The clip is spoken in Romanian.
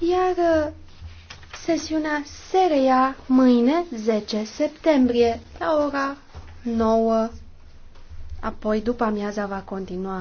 iar uh, sesiunea seria mâine, 10 septembrie, la ora 9. Apoi, după amiaza, va continua.